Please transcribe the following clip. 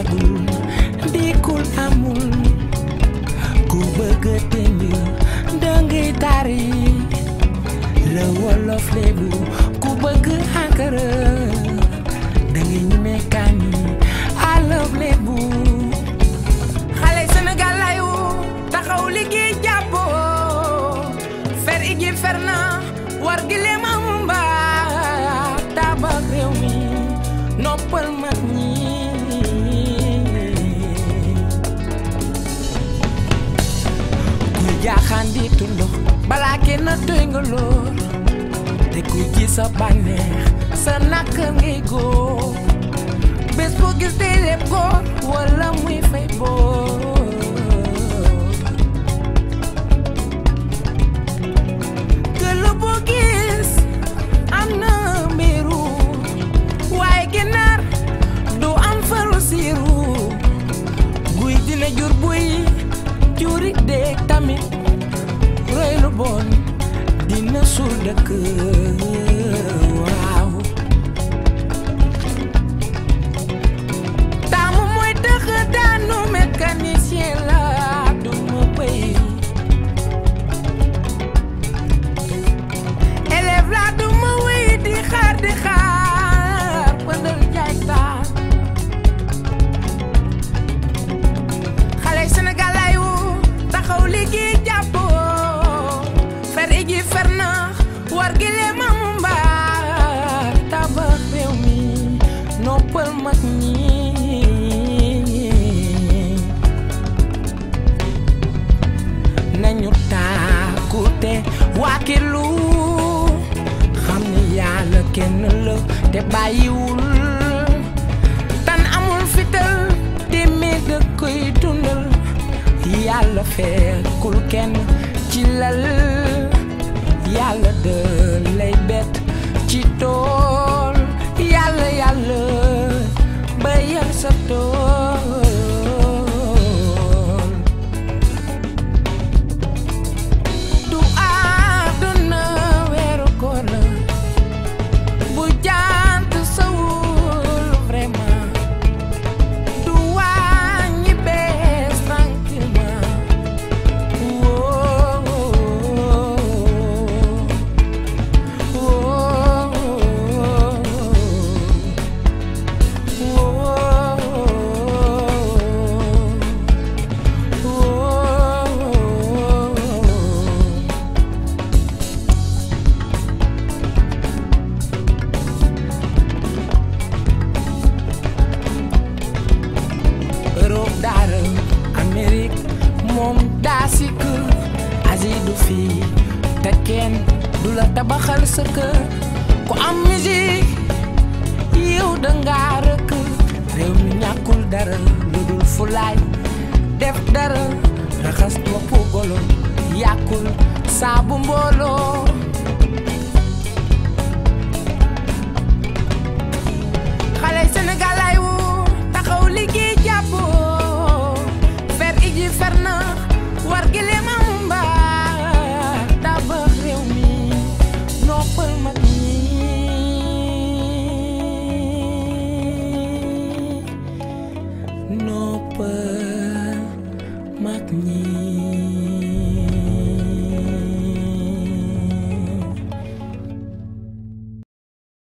yàggul dikkul amul ku bëgg teñu dëngi tari le wolof lebu ku bëgg ankara dëngi ñime kaani alof lebu xale layu taxaw liggéey jàppoo fer igi fer na war gi lema mba tabax réew mi noppal mag ñi caaxaan di tundox balaa kenn doy nga lool te kuy gis sa bànneex sa nakk ngay góor bés wala liquor. nañu taaku te waakilu xam ni yàlla kenn la te bàyyiwul tan amul fital téeméer da koy dundal yàlla fekkul kenn ci lal yàlla de lay bett moom daa sikk asidu fii te du la tabaxal sa kër ku am musique yow dangaa rëkk réew mi ñàkkul dara lu dul fulaay def dara raxas bopp golo yàkkul saabu mbooloo 你。